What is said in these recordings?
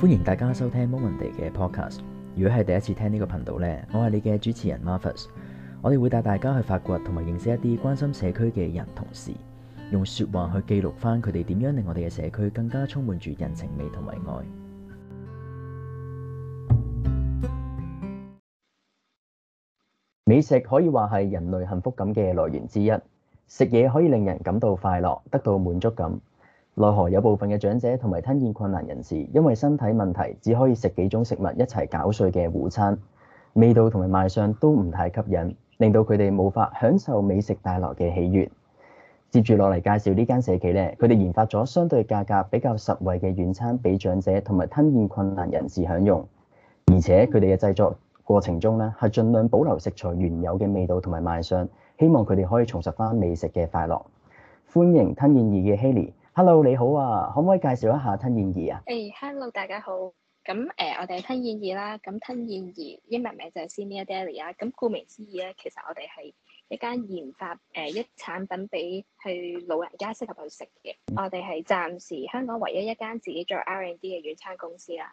歡迎大家收聽 Momenday 嘅 podcast。如果係第一次聽呢個頻道呢，我係你嘅主持人 Marvis。我哋會帶大家去發掘同埋認識一啲關心社區嘅人同事，同時用說話去記錄翻佢哋點樣令我哋嘅社區更加充滿住人情味同埋愛。美食可以話係人類幸福感嘅來源之一，食嘢可以令人感到快樂，得到滿足感。奈何有部分嘅長者同埋吞嚥困難人士，因為身體問題，只可以食幾種食物一齊攪碎嘅糊餐，味道同埋賣相都唔太吸引，令到佢哋無法享受美食帶來嘅喜悅。接住落嚟介紹呢間社企咧，佢哋研發咗相對價格比較實惠嘅軟餐俾長者同埋吞嚥困難人士享用，而且佢哋嘅製作過程中咧係盡量保留食材原有嘅味道同埋賣相，希望佢哋可以重拾翻美食嘅快樂。歡迎吞嚥易嘅 Haylie。Hello，你好啊，可唔可以介紹一下吞嚥易啊？誒、hey,，Hello，大家好。咁誒、呃，我哋係吞嚥易啦。咁吞嚥易英文名就係 Senior Daily 啦。咁顧名思義咧，其實我哋係一間研發誒、呃、一產品俾去老人家適合去食嘅。嗯、我哋係暫時香港唯一一間自己做 R&D 嘅軟餐公司啦。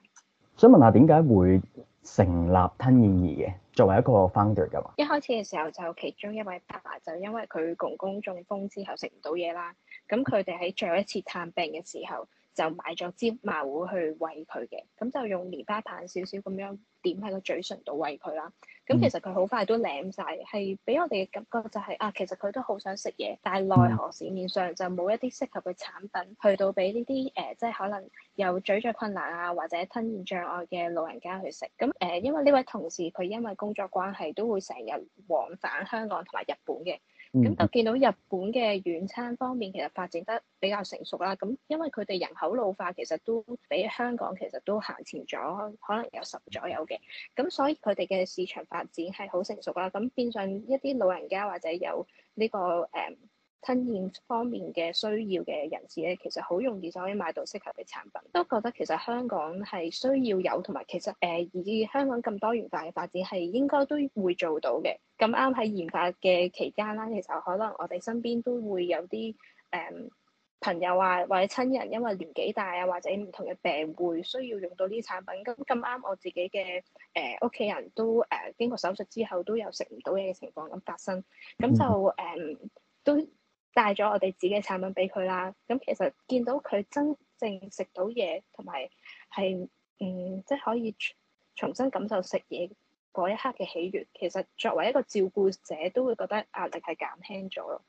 想問下點解會成立吞嚥易嘅？作為一個 founder 㗎嘛，一開始嘅時候就其中一位爸爸就因為佢公、公公中風之後食唔到嘢啦。咁佢哋喺最後一次探病嘅時候，就買咗芝麻糊去餵佢嘅，咁就用棉花棒少少咁樣點喺個嘴唇度餵佢啦。咁其實佢好快都舐晒，係俾我哋嘅感覺就係啊，其實佢都好想食嘢，但係奈何市面上就冇一啲適合嘅產品去到俾呢啲誒，即係可能有咀嚼困難啊或者吞咽障礙嘅老人家去食。咁誒、呃，因為呢位同事佢因為工作關係都會成日往返香港同埋日本嘅。咁、嗯、就見到日本嘅軟餐方面其實發展得比較成熟啦，咁因為佢哋人口老化，其實都比香港其實都行前咗，可能有十左右嘅，咁所以佢哋嘅市場發展係好成熟啦，咁變相一啲老人家或者有呢、呢個誒。Um, 吞嚥方面嘅需要嘅人士咧，其實好容易就可以買到適合嘅產品。都覺得其實香港係需要有同埋，其實誒而、呃、香港咁多元化嘅發展係應該都會做到嘅。咁啱喺研發嘅期間啦，其實可能我哋身邊都會有啲誒、嗯、朋友啊或者親人，因為年紀大啊或者唔同嘅病，會需要用到呢啲產品。咁咁啱我自己嘅誒屋企人都誒、呃、經過手術之後都有食唔到嘢嘅情況咁發生，咁就誒、嗯嗯、都。帶咗我哋自己嘅產品俾佢啦，咁其實見到佢真正食到嘢，同埋係嗯，即係可以重新感受食嘢嗰一刻嘅喜悅。其實作為一個照顧者，都會覺得壓力係減輕咗咯。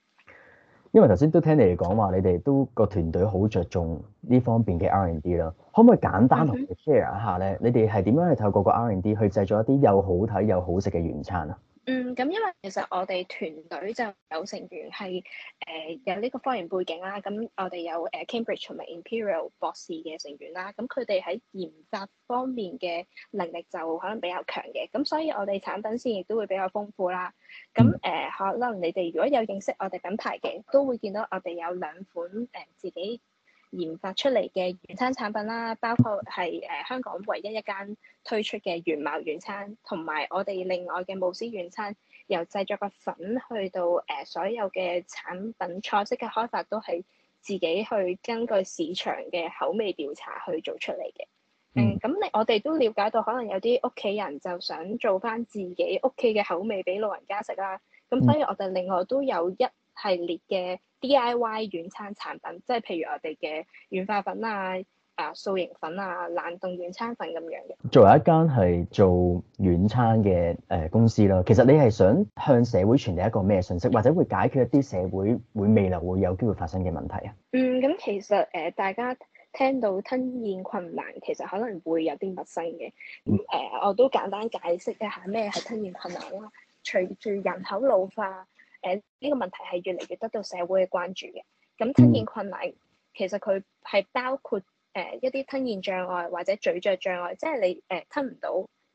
因為頭先都聽你哋講話，你哋都個團隊好着重呢方面嘅 R&D 啦，可唔可以簡單同我 share 一下咧？Mm hmm. 你哋係點樣去透過個 R&D 去製作一啲又好睇又好食嘅原餐啊？嗯，咁因為其實我哋團隊就有成員係誒、呃、有呢個科研背景啦，咁我哋有誒、啊、Cambridge 同埋 Imperial 博士嘅成員啦，咁佢哋喺研發方面嘅能力就可能比較強嘅，咁所以我哋產品線亦都會比較豐富啦。咁誒、呃，可能你哋如果有認識我哋品牌嘅，都會見到我哋有兩款誒、呃、自己。研發出嚟嘅軟餐產品啦，包括係誒、呃、香港唯一一間推出嘅原貌軟餐，同埋我哋另外嘅慕斯軟餐，由製作個粉去到誒、呃、所有嘅產品菜式嘅開發都係自己去根據市場嘅口味調查去做出嚟嘅。嗯，咁你我哋都了解到，可能有啲屋企人就想做返自己屋企嘅口味俾老人家食啦。咁所以我哋另外都有一。系列嘅 DIY 軟餐產品，即係譬如我哋嘅軟化粉啊、啊塑形粉啊、冷凍軟餐粉咁樣嘅。作為一間係做軟餐嘅誒公司啦，其實你係想向社會傳遞一個咩信息，或者會解決一啲社會會未來會有機會發生嘅問題啊？嗯，咁其實誒、呃，大家聽到吞咽困難，其實可能會有啲陌生嘅。咁、呃、我都簡單解釋一下咩係吞咽困難啦。隨住人口老化。誒呢個問題係越嚟越得到社會嘅關注嘅。咁吞咽困難其實佢係包括誒一啲吞咽障礙或者咀嚼障礙，即係你誒吞唔到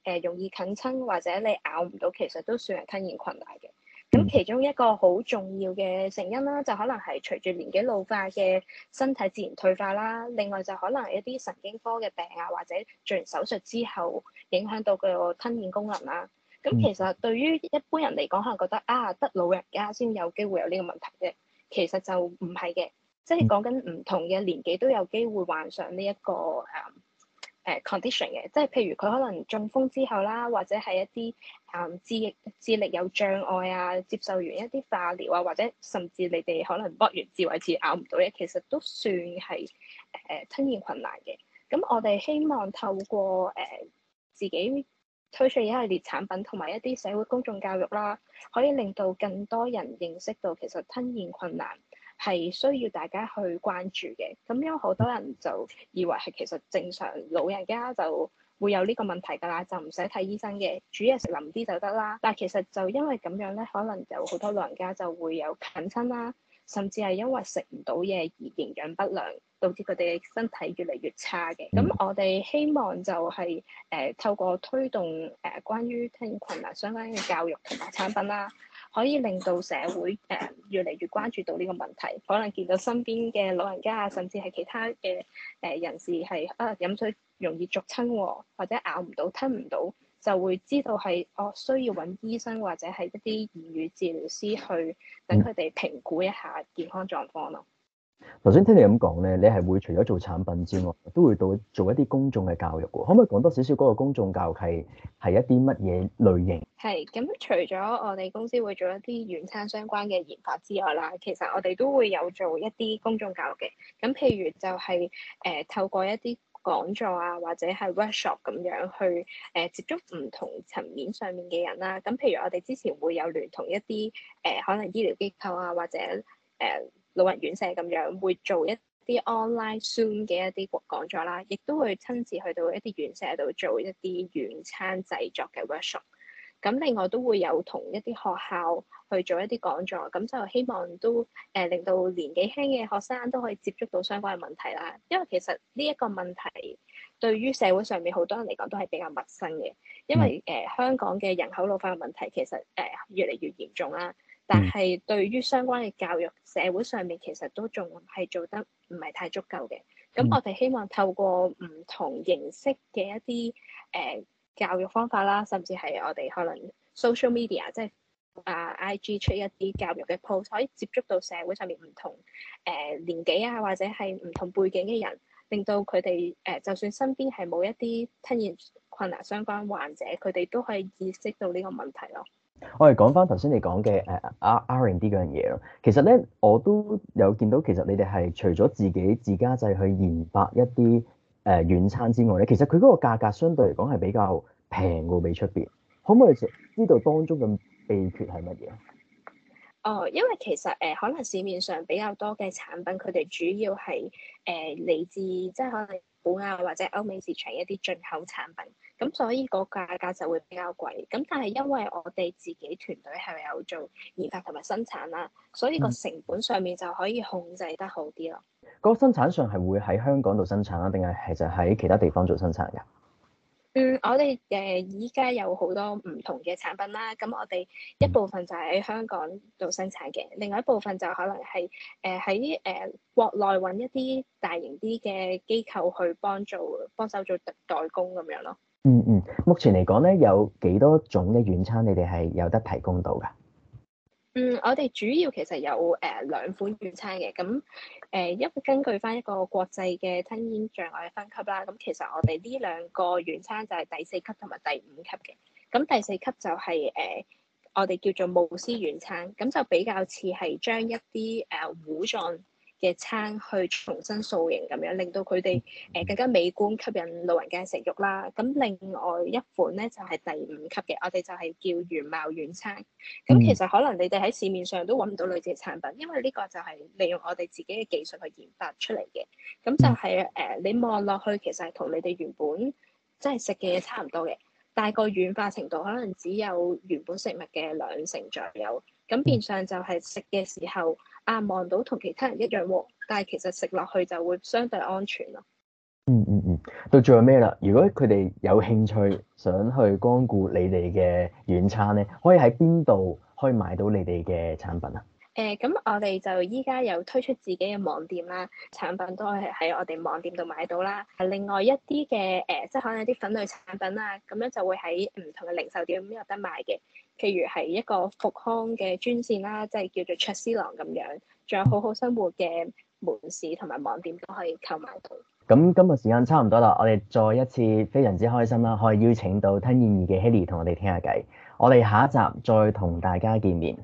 誒容易哽親或者你咬唔到，其實都算係吞咽困難嘅。咁其中一個好重要嘅成因啦，就可能係隨住年紀老化嘅身體自然退化啦，另外就可能係一啲神經科嘅病啊，或者做完手術之後影響到個吞咽功能啦、啊。咁、嗯、其實對於一般人嚟講，可能覺得啊，得老人家先有機會有呢個問題嘅，其實就唔係嘅，即係講緊唔同嘅年紀都有機會患上呢一個誒誒、嗯呃、condition 嘅。即係譬如佢可能中風之後啦，或者係一啲誒智力智力有障礙啊，接受完一啲化療啊，或者甚至你哋可能剝完智慧齒咬唔到嘢，其實都算係誒、呃、吞嚥困難嘅。咁我哋希望透過誒、呃、自己，推出一系列產品同埋一啲社會公眾教育啦，可以令到更多人認識到其實吞咽困難係需要大家去關注嘅。咁有好多人就以為係其實正常老人家就會有呢個問題㗎啦，就唔使睇醫生嘅，煮嘢食腍啲就得啦。但其實就因為咁樣咧，可能有好多老人家就會有近親啦。甚至係因為食唔到嘢而營養不良，導致佢哋嘅身體越嚟越差嘅。咁、嗯、我哋希望就係、是、誒、呃、透過推動誒、呃、關於吞嚥困難、啊、相關嘅教育同埋產品啦、啊，可以令到社會誒、呃、越嚟越關注到呢個問題。可能見到身邊嘅老人家啊，甚至係其他嘅誒、呃、人士係啊、呃、飲水容易續親喎，或者咬唔到吞唔到。就會知道係我、哦、需要揾醫生或者係一啲言語治療師去等佢哋評估一下健康狀況咯。頭先、嗯、聽你咁講咧，你係會除咗做產品之外，都會到做一啲公眾嘅教育嘅。可唔可以講多少少嗰個公眾教育係係一啲乜嘢類型？係咁，除咗我哋公司會做一啲軟餐相關嘅研發之外啦，其實我哋都會有做一啲公眾教育嘅。咁譬如就係、是、誒、呃、透過一啲、講座啊，或者係 workshop 咁樣去誒、呃、接觸唔同層面上面嘅人啦。咁譬如我哋之前會有聯同一啲誒、呃，可能醫療機構啊，或者誒、呃、老人院舍咁樣，會做一啲 online Zoom 嘅一啲講座啦，亦都會親自去到一啲院舍度做一啲軟餐製作嘅 workshop。咁另外都會有同一啲學校去做一啲講座，咁就希望都誒、呃、令到年紀輕嘅學生都可以接觸到相關嘅問題啦。因為其實呢一個問題對於社會上面好多人嚟講都係比較陌生嘅，因為誒、呃、香港嘅人口老化嘅問題其實誒、呃、越嚟越嚴重啦。但係對於相關嘅教育社會上面其實都仲係做得唔係太足夠嘅。咁我哋希望透過唔同形式嘅一啲誒、呃教育方法啦，甚至係我哋可能 social media，即係啊 IG 出一啲教育嘅 post，可以接觸到社會上面唔同誒年紀啊，或者係唔同背景嘅人，令到佢哋誒就算身邊係冇一啲吞嚥困難相關患者，佢哋都可以意識到呢個問題咯。我哋講翻頭先你講嘅誒 R&D 啲嗰樣嘢咯，其實咧我都有見到，其實你哋係除咗自己自家製去研發一啲。誒軟、呃、餐之外咧，其實佢嗰個價格相對嚟講係比較平㗎，比出邊。可唔可以知道當中嘅秘訣係乜嘢？哦，因為其實誒、呃，可能市面上比較多嘅產品，佢哋主要係誒嚟自即係可能日本啊或者歐美市場一啲進口產品，咁所以個價格就會比較貴。咁但係因為我哋自己團隊係有做研發同埋生產啦，所以個成本上面就可以控制得好啲咯。嗯個生產上係會喺香港度生產啊，定係其實喺其他地方做生產嘅？嗯，我哋誒依家有好多唔同嘅產品啦。咁我哋一部分就係喺香港做生產嘅，另外一部分就可能係誒喺誒國內揾一啲大型啲嘅機構去幫助幫手做代工咁樣咯。嗯嗯，目前嚟講咧，有幾多種嘅軟餐你哋係有得提供到嘅？嗯，我哋主要其實有誒、呃、兩款軟餐嘅，咁誒一根據翻一個國際嘅吞嚥障礙分級啦，咁其實我哋呢兩個軟餐就係第四級同埋第五級嘅，咁第四級就係、是、誒、呃、我哋叫做慕斯軟餐，咁就比較似係將一啲誒糊狀，呃嘅餐去重新塑形咁樣，令到佢哋誒更加美觀，吸引老人家嘅食慾啦。咁另外一款咧就係、是、第五級嘅，我哋就係叫原貌軟餐。咁其實可能你哋喺市面上都揾唔到類似嘅產品，因為呢個就係利用我哋自己嘅技術去研發出嚟嘅。咁就係、是、誒、呃，你望落去其實係同你哋原本即係食嘅嘢差唔多嘅，大概軟化程度可能只有原本食物嘅兩成左右。咁變相就係食嘅時候。啊，望到同其他人一樣喎，但係其實食落去就會相對安全咯。嗯。嗯嗯嗯，到最後咩啦？如果佢哋有興趣想去光顧你哋嘅軟餐咧，可以喺邊度可以買到你哋嘅產品啊？誒咁，呃、我哋就依家有推出自己嘅網店啦，產品都係喺我哋網店度買到啦。另外一啲嘅誒，即係可能一啲粉類產品啦，咁樣就會喺唔同嘅零售店都有得賣嘅。譬如係一個復康嘅專線啦，即係叫做卓思廊咁樣，仲有好好生活嘅門市同埋網店都可以購買到。咁今日時間差唔多啦，我哋再一次非常之開心啦，可以邀請到吞嚥易嘅 Haylie 同我哋傾下偈。我哋下一集再同大家見面。